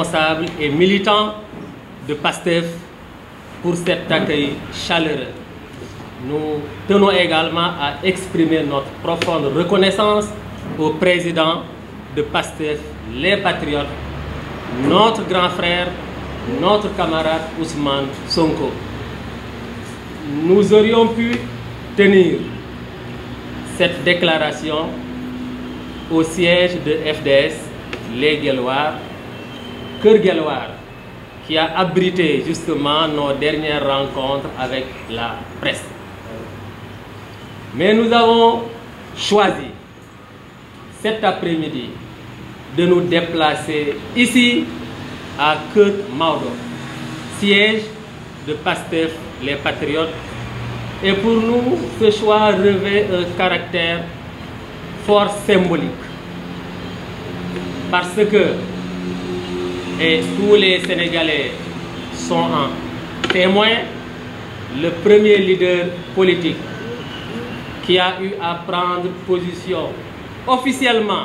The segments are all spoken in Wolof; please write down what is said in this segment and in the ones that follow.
responsables et militants de PASTEF pour cet accueil chaleureux. Nous tenons également à exprimer notre profonde reconnaissance au président de PASTEF, les Patriotes, notre grand frère, notre camarade Ousmane Sonko. Nous aurions pu tenir cette déclaration au siège de FDS, les Guéloirs, Kër Gelwaar qui a abrité justement nos dernières rencontres avec la presse. Mais nous avons choisi cet après-midi de nous déplacer ici à Kër Maodo, siège de PASTEF les Patriotes. Et pour nous, ce choix revêt un caractère fort symbolique. Parce que et tous les Sénégalais sont en témoin, le premier leader politique qui a eu à prendre position officiellement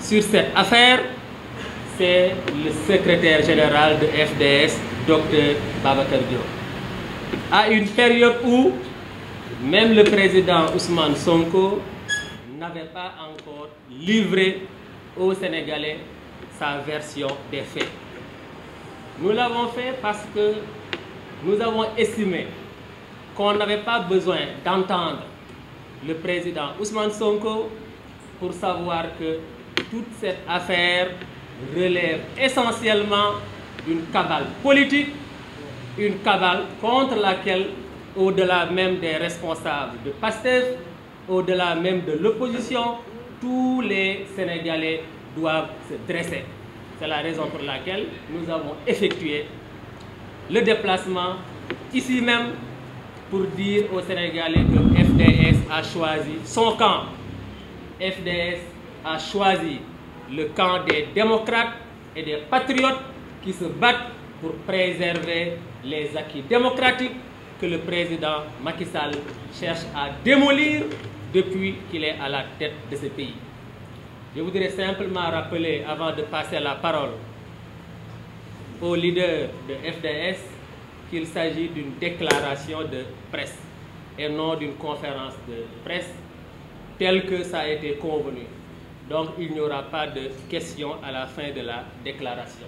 sur cette affaire, c'est le secrétaire général de FDS, Dr Babacar Diop. À une période où même le président Ousmane Sonko n'avait pas encore livré au Sénégalais sa version des faits. Nous l'avons fait parce que nous avons estimé qu'on n'avait pas besoin d'entendre le président Ousmane Sonko pour savoir que toute cette affaire relève essentiellement d'une cabale politique, une cabale contre laquelle, au-delà même des responsables de PASTEF, au-delà même de l'opposition, tous les Sénégalais doivent se dresser. C'est la raison pour laquelle nous avons effectué le déplacement ici même pour dire aux Sénégalais que FDS a choisi son camp. FDS a choisi le camp des démocrates et des patriotes qui se battent pour préserver les acquis démocratiques que le président Macky Sall cherche à démolir depuis qu'il est à la tête de ce pays. Je voudrais simplement rappeler, avant de passer la parole au leader de FDS, qu'il s'agit d'une déclaration de presse et non d'une conférence de presse telle que ça a été convenu. Donc il n'y aura pas de questions à la fin de la déclaration.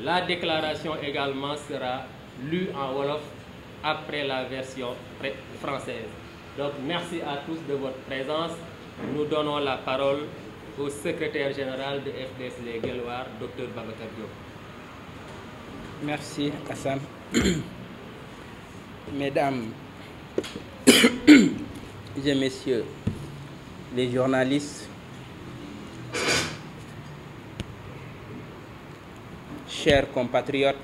La déclaration également sera lue en Wolof après la version française. Donc merci à tous de votre présence. nous donnons la parole au secrétaire Les Guelwaars, Dr Babacar Diop. Merci Mesdames et messieurs les journalistes, chers compatriotes,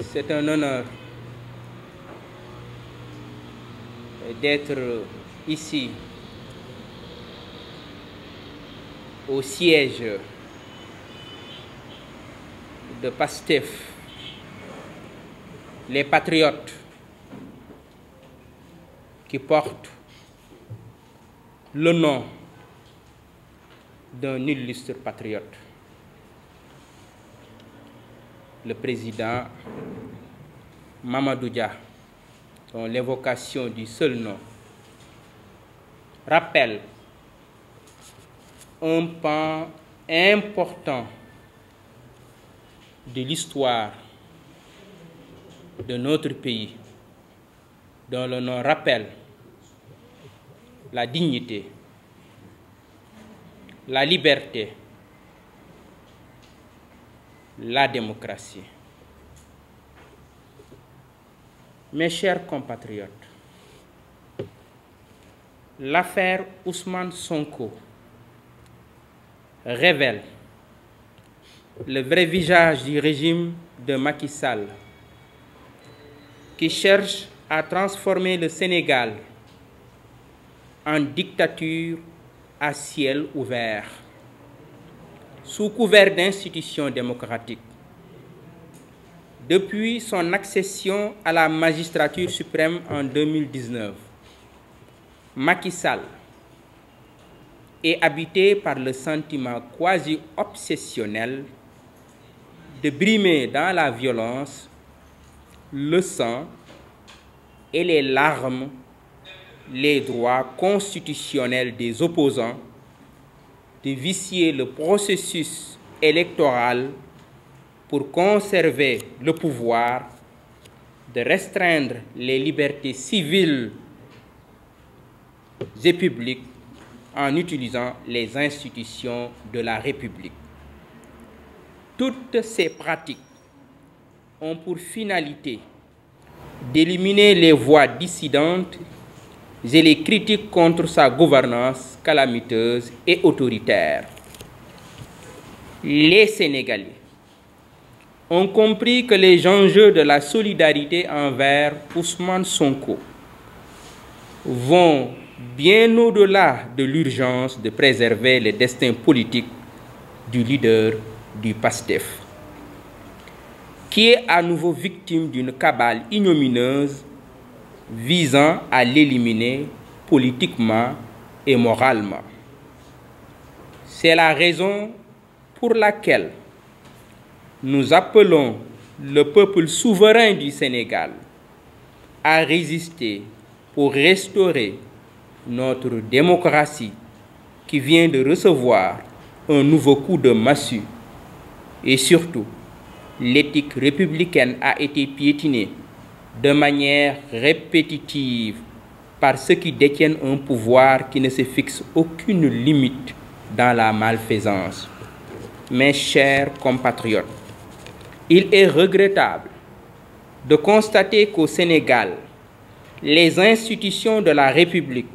c'est un honneur d'être ici au siège de PASTEF, les patriotes qui portent le nom d'un illustre patriote, le président Mamadou Dia. dont l'évocation du seul nom rappelle un pan important de l'histoire de notre pays, dont le nom rappelle la dignité, la liberté, la démocratie. Mes chers compatriotes, l'affaire Ousmane Sonko révèle le vrai visage du régime de Macky Sall qui cherche à transformer le Sénégal en dictature à ciel ouvert, sous couvert d'institutions démocratiques. depuis son accession à la magistrature suprême en 2019, Macky Sall est habité par le sentiment quasi obsessionnel de brimer dans la violence le sang et les larmes les droits constitutionnels des opposants, de vicier le processus électoral pour conserver le pouvoir de restreindre les libertés civiles et publiques en utilisant les institutions de la République. Toutes ces pratiques ont pour finalité d'éliminer les voix dissidentes et les critiques contre sa gouvernance calamiteuse et autoritaire. Les Sénégalais on compris que les enjeux de la solidarité envers Ousmane Sonko vont bien au-delà de l'urgence de préserver le destins politique du leader du PASTEF, qui est à nouveau victime d'une cabale ignomineuse visant à l'éliminer politiquement et moralement. C'est la raison pour laquelle nous appelons le peuple souverain du Sénégal à résister pour restaurer notre démocratie qui vient de recevoir un nouveau coup de massue. Et surtout, l'éthique républicaine a été piétinée de manière répétitive par ceux qui détiennent un pouvoir qui ne se fixe aucune limite dans la malfaisance. Mes chers compatriotes, Il est regrettable de constater qu'au Sénégal, les institutions de la République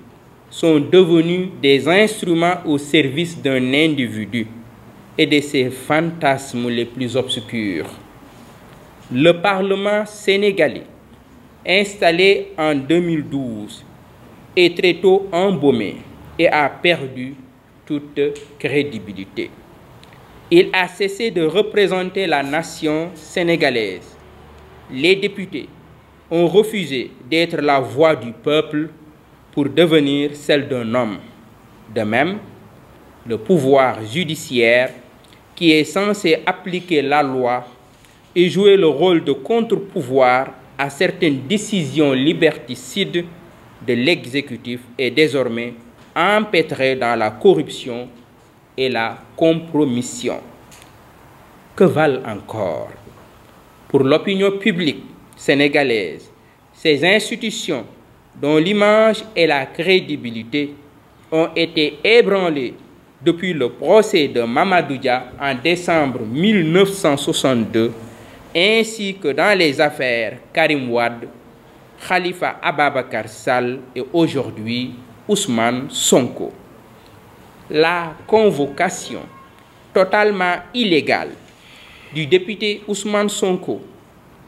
sont devenues des instruments au service d'un individu et de ses fantasmes les plus obscurs. Le Parlement sénégalais, installé en 2012, est très tôt embaumé et a perdu toute crédibilité. Il a cessé de représenter la nation sénégalaise. Les députés ont refusé d'être la voix du peuple pour devenir celle d'un homme. De même, le pouvoir judiciaire, qui est censé appliquer la loi et jouer le rôle de contre-pouvoir à certaines décisions liberticides de l'exécutif, est désormais empêtré dans la corruption la compromission. Que valent encore pour l'opinion publique sénégalaise ces institutions dont l'image et la crédibilité ont été ébranlées depuis le procès de Mamadou Dia en décembre 1962, ainsi que dans les affaires Karim Wad, Khalifa Ababakar Sall et aujourd'hui Ousmane Sonko. la convocation totalement illégale du député Ousmane Sonko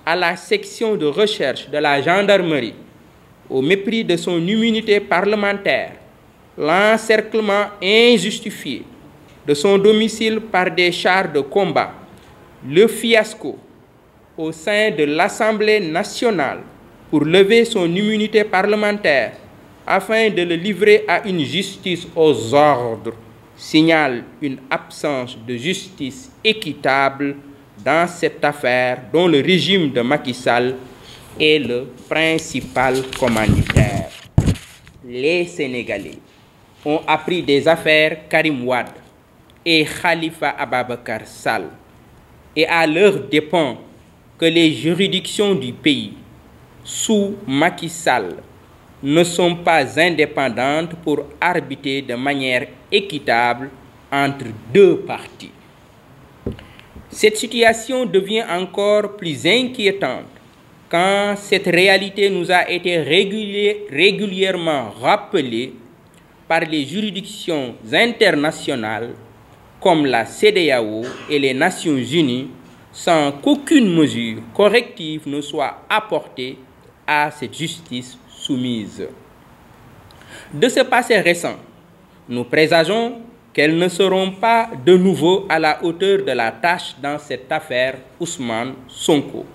à la section de recherche de la gendarmerie au mépris de son immunité parlementaire, l'encerclement injustifié de son domicile par des chars de combat, le fiasco au sein de l'Assemblée nationale pour lever son immunité parlementaire afin de le livrer à une justice aux ordres, signale une absence de justice équitable dans cette affaire dont le régime de Macky Sall est le principal commanditaire. Les Sénégalais ont appris des affaires Karim Wad et Khalifa Ababakar Sall et à leur dépens que les juridictions du pays sous Macky ne sont pas indépendantes pour arbitrer de manière équitable entre deux parties. Cette situation devient encore plus inquiétante quand cette réalité nous a été régulièrement rappelée par les juridictions internationales comme la CDAO et les Nations Unies sans qu'aucune mesure corrective ne soit apportée à cette justice soumises. De ce passé récent, nous présageons qu'elles ne seront pas de nouveau à la hauteur de la tâche dans cette affaire Ousmane Sonko,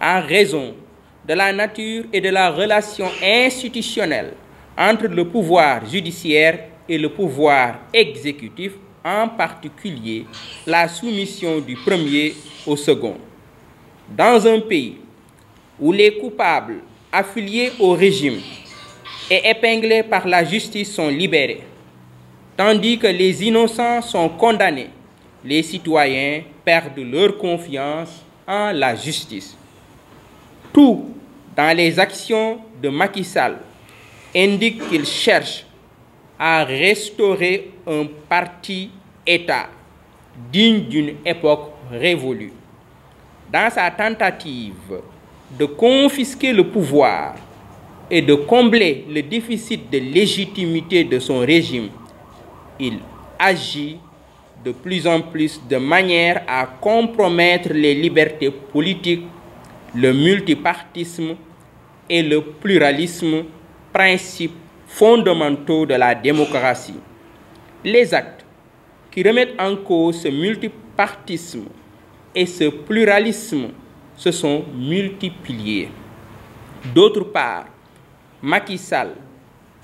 en raison de la nature et de la relation institutionnelle entre le pouvoir judiciaire et le pouvoir exécutif, en particulier la soumission du premier au second. Dans un pays où les coupables affiliés au régime et épinglés par la justice sont libérés, tandis que les innocents sont condamnés. Les citoyens perdent leur confiance en la justice. Tout dans les actions de Macky Sall indique qu'il à restaurer un parti-État digne d'une époque révolue. Dans sa tentative de confisquer le pouvoir et de combler le déficit de légitimité de son régime, il agit de plus en plus de manière à compromettre les libertés politiques, le multipartisme et le pluralisme, principes fondamentaux de la démocratie. Les actes qui remettent en cause ce multipartisme et ce pluralisme se sont multipliés. D'autre part, Macky Sall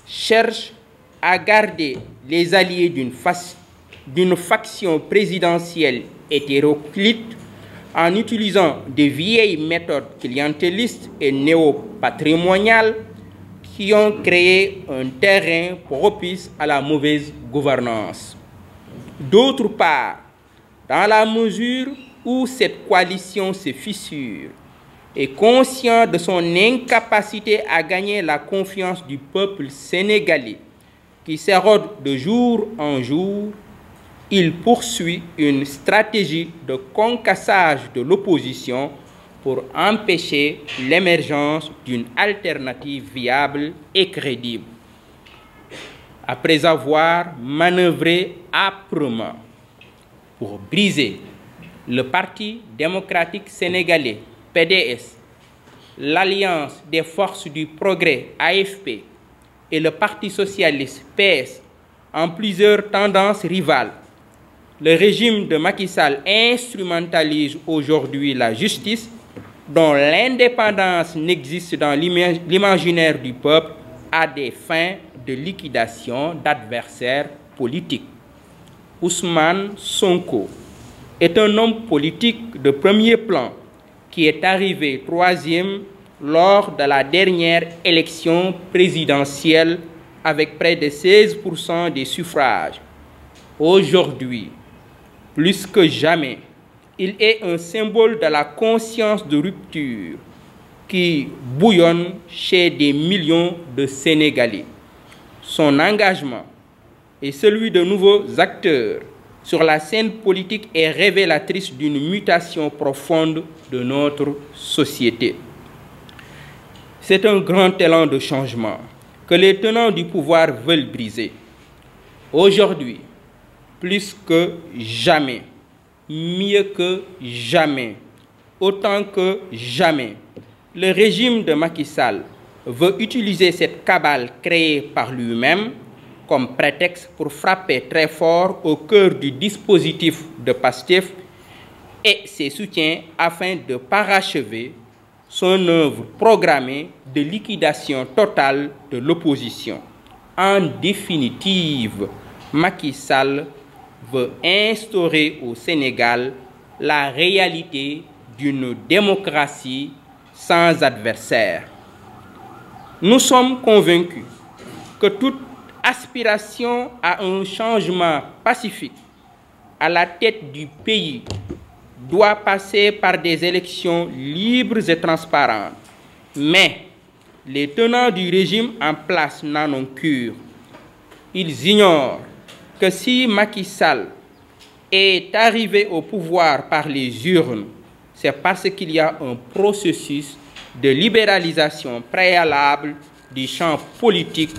cherche à garder les alliés d'une faction présidentielle hétéroclite en utilisant des vieilles méthodes clientélistes et néopatrimoniales qui ont créé un terrain propice à la mauvaise gouvernance. D'autre part, dans la mesure où cette coalition se fissure et conscient de son incapacité à gagner la confiance du peuple sénégalais qui s'érode de jour en jour, il poursuit une stratégie de concassage de l'opposition pour empêcher l'émergence d'une alternative viable et crédible. Après avoir manœuvré âprement pour briser le Parti démocratique sénégalais, PDS, l'Alliance des forces du progrès, AFP, et le Parti socialiste, PS, en plusieurs tendances rivales. Le régime de Macky Sall instrumentalise aujourd'hui la justice, dont l'indépendance n'existe dans l'imaginaire du peuple, à des fins de liquidation d'adversaires politiques. Ousmane Sonko, est un homme politique de premier plan qui est arrivé troisième lors de la dernière élection présidentielle avec près de 16% des suffrages. Aujourd'hui, plus que jamais, il est un symbole de la conscience de rupture qui bouillonne chez des millions de Sénégalais. Son engagement et celui de nouveaux acteurs sur la scène politique est révélatrice d'une mutation profonde de notre société. C'est un grand élan de changement que les tenants du pouvoir veulent briser. Aujourd'hui, plus que jamais, mieux que jamais, autant que jamais, le régime de Macky Sall veut utiliser cette cabale créée par lui-même comme prétexte pour frapper très fort au cœur du dispositif de PASTEF et ses soutiens afin de parachever son œuvre programmée de liquidation totale de l'opposition. En définitive, Macky Sall veut instaurer au Sénégal la réalité d'une démocratie sans adversaire. Nous sommes convaincus que toute aspiration à un changement pacifique à la tête du pays doit passer par des élections libres et transparentes. Mais les tenants du régime en place n'en ont cure. Ils ignorent que si Macky est arrivé au pouvoir par les urnes, c'est parce qu'il y a un processus de libéralisation préalable du champ politique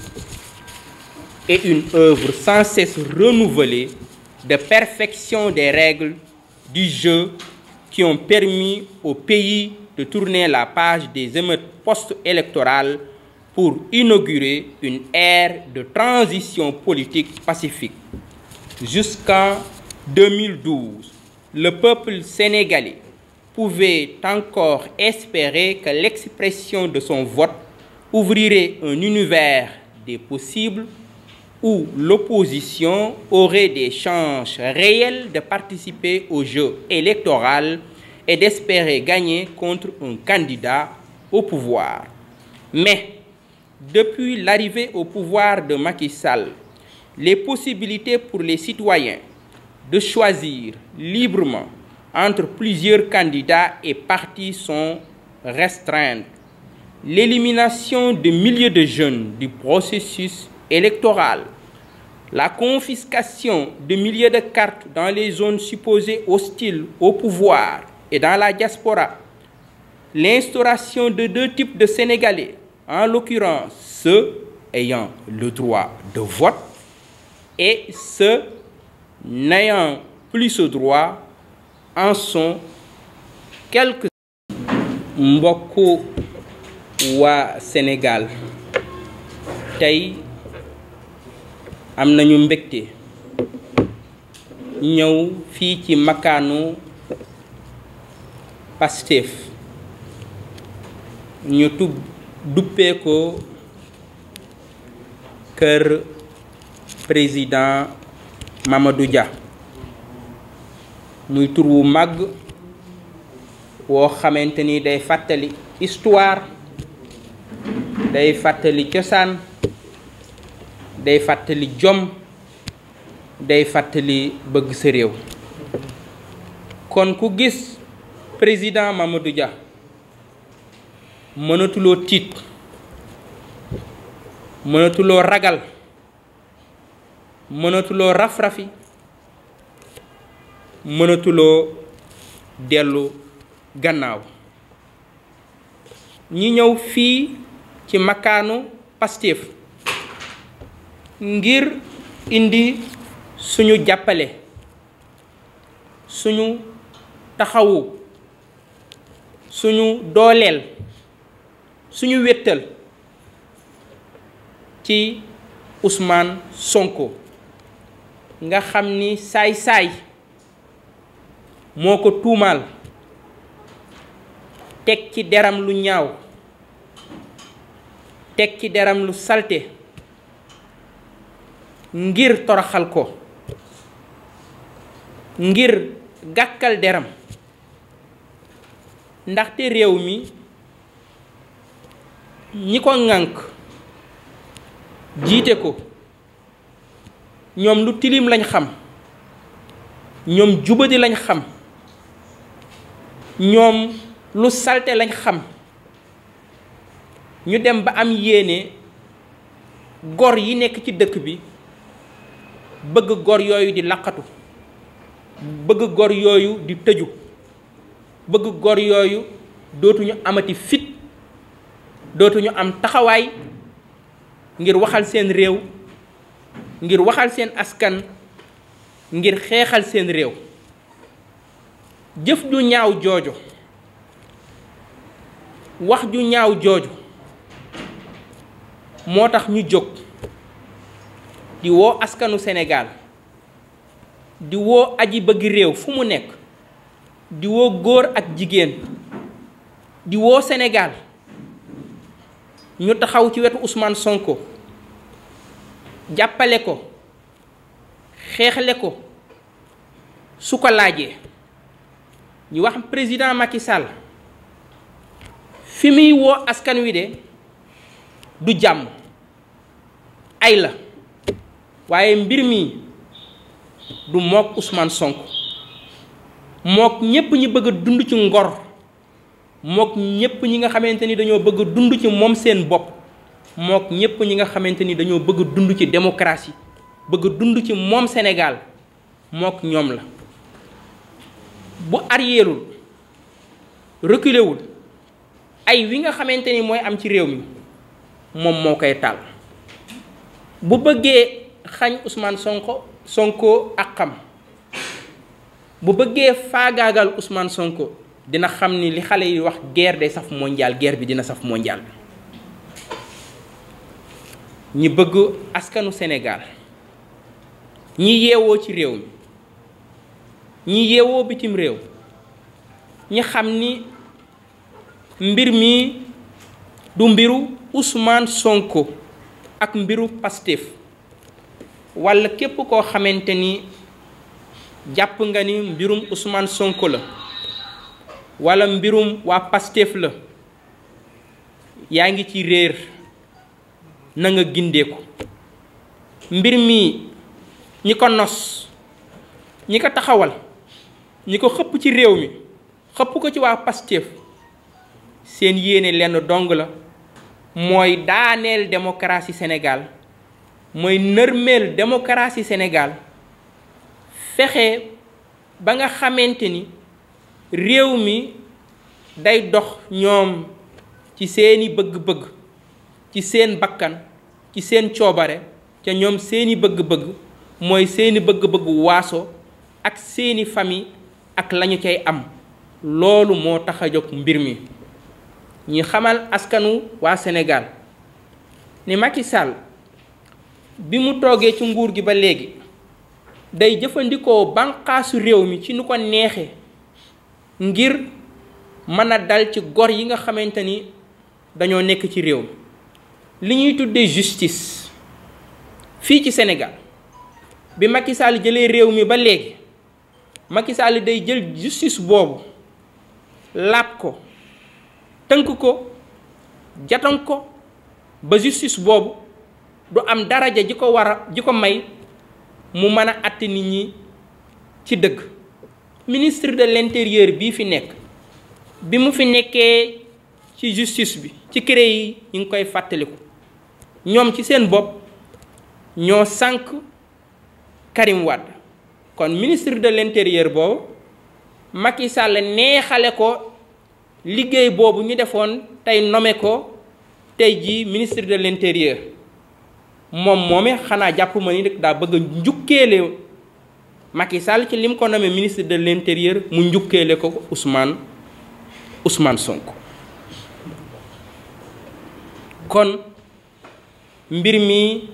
et une œuvre sans cesse renouvelée de perfection des règles du jeu qui ont permis au pays de tourner la page des émeutes post-électorales pour inaugurer une ère de transition politique pacifique. Jusqu'en 2012, le peuple sénégalais pouvait encore espérer que l'expression de son vote ouvrirait un univers des possibles où l'opposition aurait des chances réelles de participer au jeu électoral et d'espérer gagner contre un candidat au pouvoir. Mais depuis l'arrivée au pouvoir de Macky les possibilités pour les citoyens de choisir librement entre plusieurs candidats et partis sont restreintes. L'élimination de milliers de jeunes du processus électoral La confiscation de milliers de cartes dans les zones supposées hostiles au pouvoir et dans la diaspora. L'instauration de deux types de Sénégalais, en l'occurrence ceux ayant le droit de vote et ceux n'ayant plus ce droit en sont quelques mbokku waa Sénégal am nañu mbégte ñëw fii ci makaanu Pastef ñu tub duppee kër président mamadu ja muy tur wu màgg woo xamante ni day fàttali histoire day fàttali cosaan day fàttali jom day fàttali bëgg sa réew kon ku gis président Mamadou ja mënatuloo tiit mënatuloo ragal mënatuloo rafrafi mënatuloo dellu gannaaw ñi ñëw fii ci makaanu Pastef ngir indi suñu jàppale suñu taxawu suñu dooleel suñu wetal ci usmaan Sonko nga xam ni saay-saay moo ko tuumaal teg ci deram lu ñaaw teg ci deram lu salte ngir toroxal ko ngir gàkkal deram ndaxte réew mi ñi ko ŋànk jiite ko ñoom lu tilim lañ xam ñoom jubadi lañ xam ñoom lu salte lañ xam ñu dem ba am yéene gor yi nekk ci dëkk bi bëgg gor yooyu di laqatu bëgg gor yooyu di tëju bëgg gor yooyu dootuñu amati fit dootuñu am taxawaay ngir waxal seen réew ngir waxal seen askan ngir xeexal seen réew jëf ju ñaaw jooju wax ju ñaaw jooju moo tax ñu jóg di woo askanu senegaal di woo aji bëgg réew fu mu nekk di woo góor ak jigéen di woo senegaal ñu taxaw ci wetu Ousmane Sonko jàppale ko xeexle ko su ko laajee ñu wax président Macky Sall fi muy woo askan wi de du jàmm ay la waaye mbir mi du mook usmaan sonk mook ñépp ñi bëgg dund ci ngor mook ñépp ñi nga xamante ni dañoo bëgg dund ci moom seen bopp mook ñépp ñi nga xamante ni dañoo bëgg dund ci démocratie bëgg dund ci moom Sénégal mook ñoom la bu arrièreul reculé ay wi nga xamante ni mooy am ci réew mi moom moo koy taal bu bëggee xañ usmaan Sonko Sonko ak xam bu bëggee faagaagal usmaan Sonko dina xam ni li xale yi wax guerre day saf mondial guerre bi dina saf mondial ñi bëgg askanu Sénégal ñi yeewoo ci réew mi ñi yeewoo bitim réew ñi xam ni mbir mi du mbiru usmaan Sonko ak mbiru pastif walla képp koo xamante ni jàpp nga ni mbirum usmaan Sonko la walla mbirum waa Pastef la yaa ngi ci réer na nga gindeeku mbir mi ñi ko nos ñi ko taxawal ñi ko xëpp ci réew mi xëpp ko ci waa Pastef seen yéene lenn dong la mooy daaneel démocratie Sénégal mooy nërmeel démocratie senegaal fexe ba nga xamante ni réew mi day dox ñoom ci seeni bëgg-bëgg ci seen bakkan ci seen coobare ca ñoom seeni bëgg-bëgg mooy seeni bëgg-bëgg waaso ak seeni famille ak lañu koy am loolu moo tax a jóg mbir mi ñi xamal askanu waa senegaal ni Macky Sall bi mu toogee ci nguur gi ba léegi day jëfandikoo banqaasu réew mi ci nu ko neexee ngir mën a dal ci gor yi nga xamante ni dañoo nekk ci réew mi li ñuy tuddee justice fii ci senegal bi Macky Sall jëlee réew mi ba léegi Macky day jël justice boobu laab ko tënk ko jatan ko ba justice boobu du am daraja ji ko war a ji ko may mu mën a àtte nit ñi ci dëgg ministre de l'intérieur bii fi nekk bi mu fi nekkee ci justice bi ci CREI yi ñu ngi koy fàttaliku ñoom ci seen bopp ñoo sànq Karim kon ministre de l'intérieur boobu Macky Sall neexale ko liggéey boobu ñu defoon tey nome ko tey jii ministre de l'intérieur moom moome xanaa jàppuma ni rek daa bëgg a njukkeele Macky Sall ci lim ko nommé ministre de l'intérieur mu njukkeele ko Ousmane Ousmane sonk kon mbir mi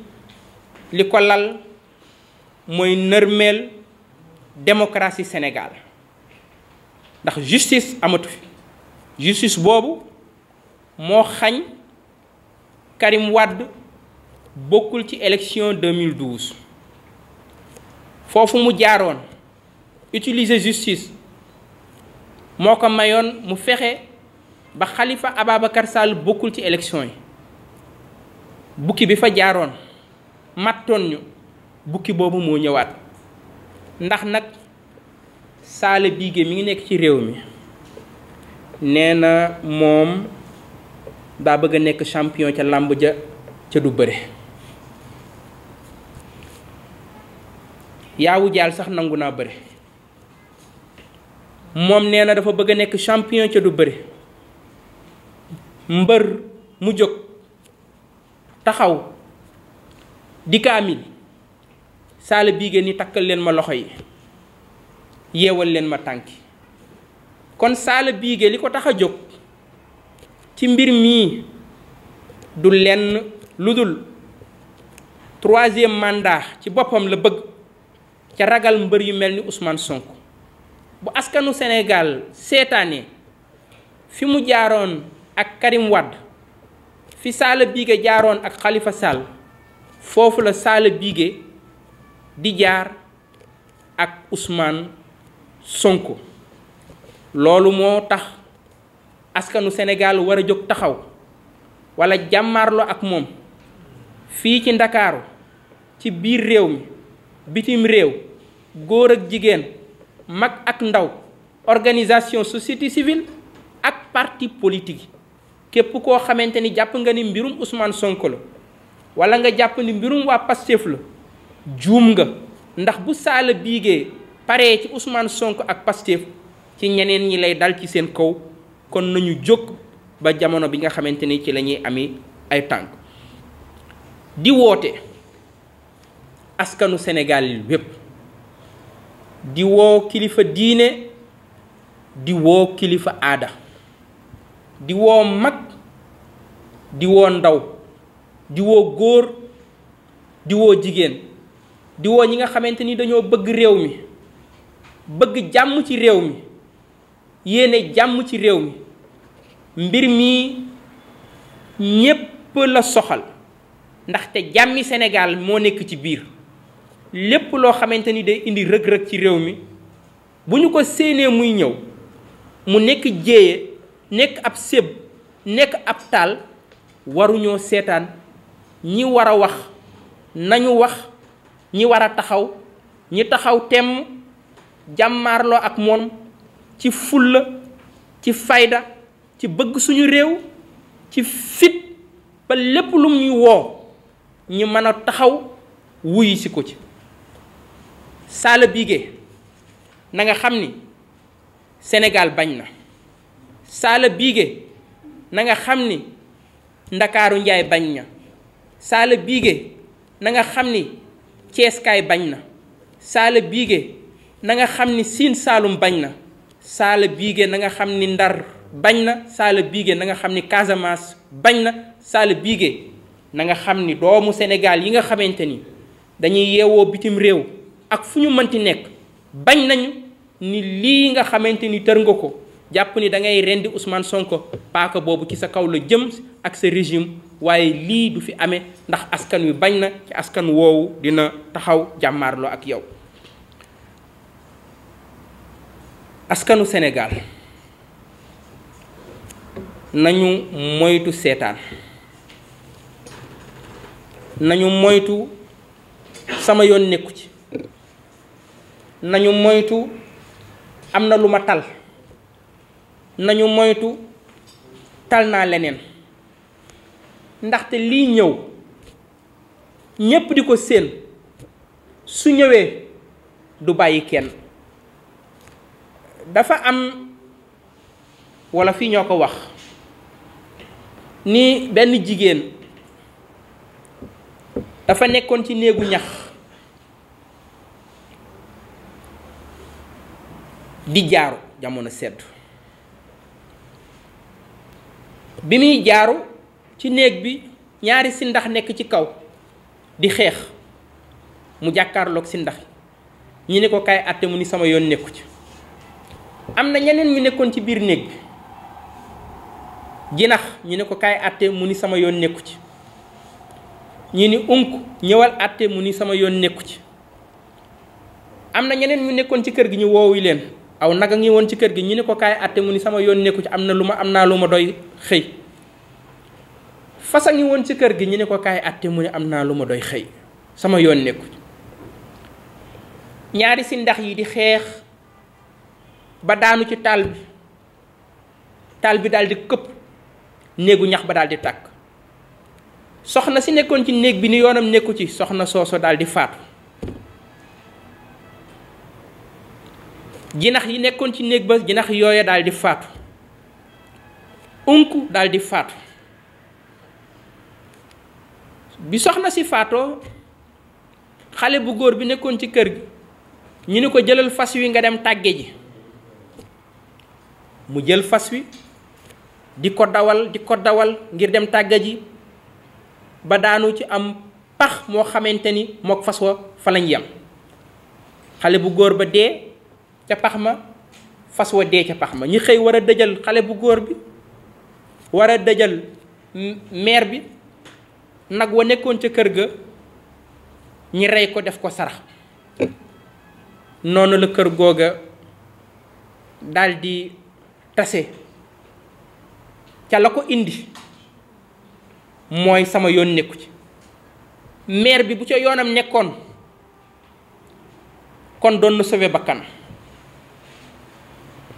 li ko lal mooy nërmeel démocratie senegal ndax justice amatu fi justice boobu moo xañ Karim Wade bokkul ci élection 2012 foofu mu jaaroon utiliser justice moo ko mayoon mu fexe ba xalifa Ababacar Sall bokkul ci élection yi bukki bi fa jaaroon mattoon ñu bukki boobu moo ñëwaat ndax nag Sall Biége mi ngi nekk ci réew mi nee na moom daa bëgg a nekk champion ca làmb ja ca du bëre yaawu jaal sax nangu naa bëre moom nee na dafa bëgg a nekk champion ca du bëre mbër mu jóg taxaw di kaamil saala biigéen ni takkal leen ma loxo yi yeewal leen ma tànki kon saala biige li ko tax a jóg ci mbir mii du lenn lu dul troisième mandat ci boppam la bëgg ca ragal mbër yu mel ni usmaan Sonko bu askanu senegaal seetaane fi mu jaaroon ak Karim Wade fi Sala Bigué jaaroon ak xalifa Sall foofu la Sala Bigué di jaar ak usmaan Sonko loolu moo tax askanu Sénégal war a jóg taxaw wala jàmmaarloo ak moom fii ci Ndakaaru ci biir réew mi bitim réew góor ak jigéen mag ak ndaw organisation société civile ak parti politik képp koo xamante ni jàpp nga ni mbirum usmaan Sonko la wala nga jàpp ni mbirum waa Pastef la juum nga ndax bu saala biigee paree ci Ousmane Sonko ak Pastef ci ñeneen ñi lay dal ci seen kaw kon nañu jóg ba jamono bi nga xamante ni ci lañuy amee ay tànk di woote. askanu senegaal yépp diwoo kilifa diine di woo kilifa aada di woo mag di woo ndaw diwoo góor diwoo jigéen diwoo ñi nga xamante ni dañoo bëgg réew mi bëgg jàmm ci réew mi yéene jàmm ci réew mi mbir mi ñépp la soxal ndaxte jàmmi senegaal moo nekk ci biir lépp loo xamante ni day indi rëg-rëg ci réew mi bu ñu ko séenee muy ñëw mu nekk jéeye nekk ab séb nekk ab taal waruñoo seetaan ñi war a wax nañu wax ñi war a taxaw ñi taxaw temm jàmmaarloo ak moom ci fulla ci fayda ci bëgg suñu réew ci fit ba lépp lum ñuy woo ñi mën a taxaw wuyusi ko ci Salla Bigué nanga xam ni Sénégal bañ na Salla Bigué nanga xam ni Ndakaaru Njaay bañ na Salla Bigué nanga xam ni Ceeskaay bañ na Salla Bigué nanga xam ni Siin Saalum bañ na Salla Bigué na xam ni Ndar bañ na Salla Bigué nanga xam ni Casamance bañ na Salla Bigué na nga xam ni doomu senegaal yi nga xamante ni dañuy yeewoo bitim réew ak fu ñu mënti nekk bañ nañu ni lii nga xamante ni tër nga ko jàpp ni dangay rendi Ousmane Sonko paaka boobu ci sa kaw la jëm ak sa régime waaye lii du fi ame ndax askan wi bañ na ci askan woowu dina taxaw jàmmaarloo ak yow askanu senegaal nañu moytu seetaan nañu moytu sama yoon nekku ci nañu moytu am na lu ma tal nañu moytu tal naa leneen ndaxte lii ñëw ñépp di ko séen su ñëwee du bàyyi kenn dafa am walla fii ñoo ko wax nii benn jigéen dafa nekkoon ci néegu ñax di jaaru jamono sedd bi muy jaaru ci néeg bi ñaari sindax nekk ci kaw di xeex mu jàkkaarloog si ndax ñi ne ko kaay àtte mu ni sama yoon nekku ci am na ñeneen ñu nekkoon ci biir néeg bi jinax ñu ne ko kaay àtte mu ni sama yoon nekku ci ñi ni unk ñëwal àtte mu ni sama yoon nekku ci am na ñeneen ñu nekkoon ci kër gi ñu woowi leen aw nag a ngi woon ci kër gi ñu ne ko kaay atte mu ni sama yoon nekku ci am na lu ma am naa lu ma doy xëy fas a ngi woon ci kër gi ñu ne ko kaay atte mu ni am naa lu ma doy xëy sama yoon nekku ci ñaari si ndax yi di xeex ba daanu ci taal bi taal bi daal di këpp néegu ñax ba daal di tàkk soxna si nekkoon ci néeg bi ni yoonam nekku ci soxna sooso daal di faatu jinax yi nekkoon ci néeg ba jinax yooya daal di faatu unku daal faatu bi soxna si faatoo xale bu góor bi nekkoon ci kër gi ñu ni ko jëlal fas wi nga dem tàgge ji mu jël fas wi di ko dawal di ko dawal ngir dem tàgge ji ba daanu ci am pax moo xamante ni mook fas wa fa yam xale bu góor ba dee ca pax ma fas wa dee ca pax ma ñi xëy war a dëjal xale bu góor bi war a dëjal meer bi nag wa nekkoon ca kër ga ñi rey ko def ko sarax noonu la kër googa daldi tase ca la ko indi mooy sama yoon nekku ci meer bi bu ca yoonam nekkoon kon doon na sauver bakkan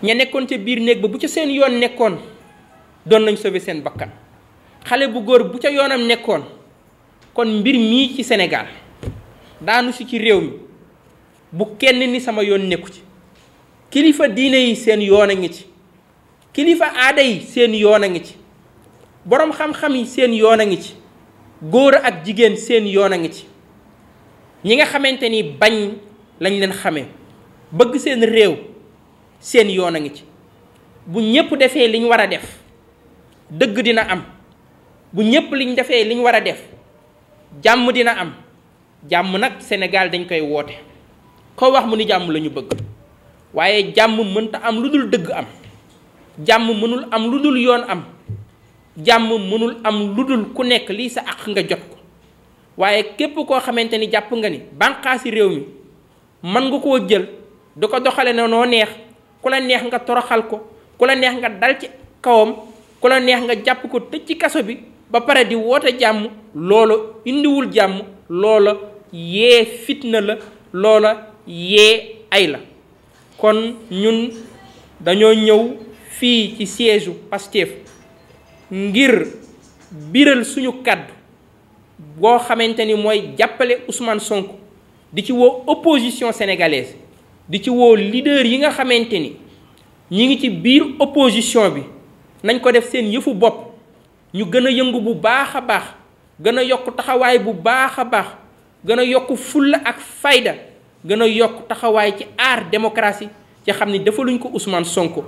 ña nekkoon ca biir néeg ba bu ca seen yoon nekkoon doon nañ sauver seen bakkan xale bu góor bu ca yoonam nekkoon kon mbir mii ci senegaal daanu si ci réew mi bu kenn ni sama yoon nekku ci kilifa diine yi seen yoon a ngi ci kilifa aada yi seen yoon a ngi ci boroom xam-xam yi seen yoon a ngi ci góor ak jigéen seen yoon a ngi ci ñi nga xamante ni bañ lañ leen xame bëgg seen réew seen yoon a ngi ci bu ñëpp defee liñ war a def dëgg dina am bu ñëpp liñ defee liñ war a def jàmm dina am jàmm nag Sénégal dañ koy woote ko wax mu ni jàmm lañu bëgg waaye jàmm mënta am lu dul dëgg am jàmm mënul am lu dul yoon am jàmm mënul am lu dul ku nekk lii sa àq nga jot ko waaye képp koo xamante ni jàpp nga ni bànqaasi réew mi mën nga koo jël du ko doxale na noo neex ku la neex nga toroxal ko ku la neex nga dal ci kawam ku la neex nga jàpp ko tëj ci kaso bi ba pare di woote jàmm loola indiwul jàmm loola yee fitna la loola yee ay la kon ñun dañoo ñëw fii ci siège u Pastef ngir biral suñu kàddu boo xamante ni mooy jàppale Ousmane Sonko di ci woo opposition sénégalaise di ci woo leader yi nga xamante ni ñi ngi ci biir opposition bi nañ ko def seen yëfu bopp ñu gën a yëngu bu baax a baax gën a yokk taxawaay bu baax a baax gën a yokk fulla ak fayda gën a yokk taxawaay ci aar démocratie ci xam ni defaluñ ko Ousmane Sonko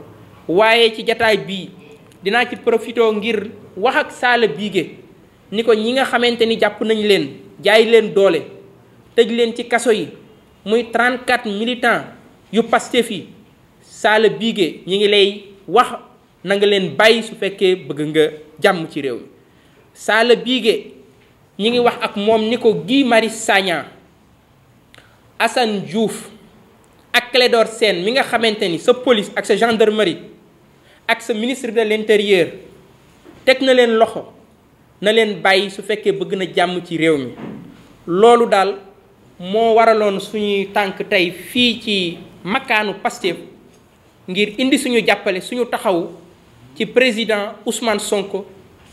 waaye ci jataay bii dinaa ci profité ngir wax ak Sala Bigué ni ko ñi nga xamante ni jàpp nañ leen jaay leen doole tëj leen ci kaso yi muy 34 militants yu Pastef fii Sala Bigué ñi ngi lay wax na nga leen bàyyi su fekkee bëgg nga jàmm ci réew mi Sala Bigué ñi ngi wax ak moom ni ko Guy Marius Sagna Assane Diouf ak Clédor Sène mi nga xamante ni sa police ak sa gendarmerie ak sa ministre de l'intérieur teg na leen loxo na leen bàyyi su fekkee bëgg na jàmm ci réew mi loolu daal moo waraloon suñuy tànk tey fii ci makaanu Pastef ngir indi suñu jàppale suñu taxaw ci président Ousmane Sonko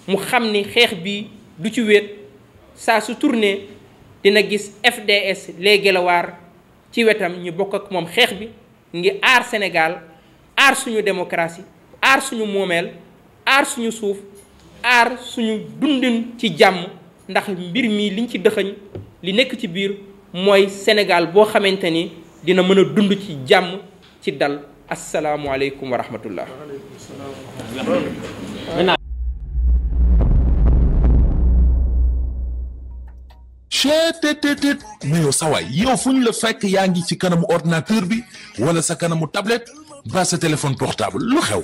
mu xam ni xeex bi du ci wéet saa su tourné dina gis FDS les Guelwaar ci wetam ñi bokk ak moom xeex bi ngir aar Sénégal aar suñu démocratie aar suñu moomeel aar suñu suuf aar suñu dundin ci jàmm ndax mbir mi liñ ci dëxëñ li nekk ci biir mooy senegaal boo xamante ni dina mën a dund ci jàmm ci dal asalaamualeykum wa rahmatullah chetttt mais yow sawaay yow fu ñu la fekk yaa ngi ci kanamu ordinateur bi wala sa kanamu tablette ba sa téléphone portable lu xew